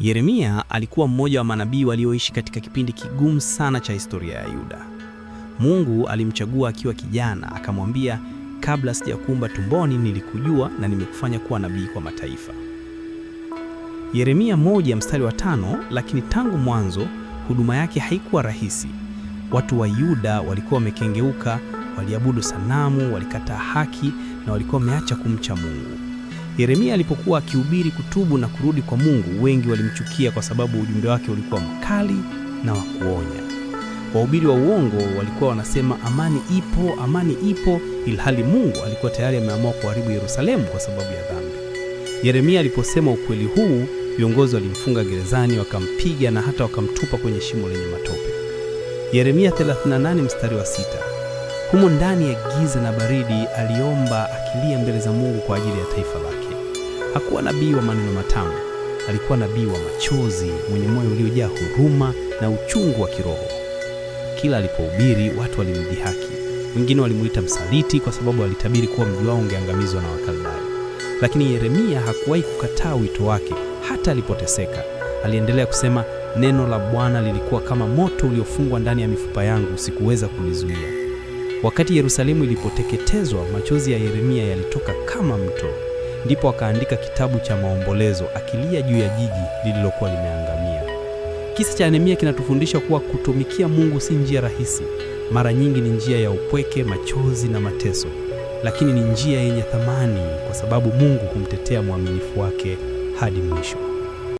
Yeremia alikuwa mmoja wa manabii walioishi katika kipindi kigumu sana cha historia ya Yuda. Mungu alimchagua akiwa kijana, akamwambia, kabla sijakuumba tumboni nilikujua na nimekufanya kuwa nabii kwa mataifa. Yeremia moja mstari wa tano. Lakini tangu mwanzo huduma yake haikuwa rahisi. Watu wa Yuda walikuwa wamekengeuka, waliabudu sanamu, walikataa haki na walikuwa wameacha kumcha Mungu. Yeremia alipokuwa akihubiri kutubu na kurudi kwa Mungu, wengi walimchukia kwa sababu ujumbe wake ulikuwa mkali na wa kuonya. Wahubiri wa uongo walikuwa wanasema amani ipo, amani ipo, ilhali Mungu alikuwa tayari ameamua kuharibu Yerusalemu kwa sababu ya dhambi. Yeremia aliposema ukweli huu, viongozi walimfunga gerezani, wakampiga na hata wakamtupa kwenye shimo lenye matope. Yeremia 38 mstari wa sita. Humo ndani ya giza na baridi, aliomba akilia mbele za Mungu kwa ajili ya taifa la Hakuwa nabii wa maneno matamu, alikuwa nabii wa machozi, mwenye moyo uliojaa huruma na uchungu wa kiroho. Kila alipohubiri watu walimdhihaki, wengine walimuita msaliti kwa sababu alitabiri kuwa mji wao ungeangamizwa na Wakaldayo. Lakini Yeremia hakuwahi kukataa wito wake. Hata alipoteseka, aliendelea kusema, neno la Bwana lilikuwa kama moto uliofungwa ndani ya mifupa yangu, sikuweza kulizuia. Wakati Yerusalemu ilipoteketezwa, machozi ya Yeremia yalitoka kama mto ndipo akaandika kitabu cha maombolezo akilia juu ya jiji lililokuwa limeangamia. Kisa cha Nehemia kinatufundisha kuwa kutumikia Mungu si njia rahisi. Mara nyingi ni njia ya upweke, machozi na mateso, lakini ni njia yenye thamani, kwa sababu Mungu humtetea mwaminifu wake hadi mwisho.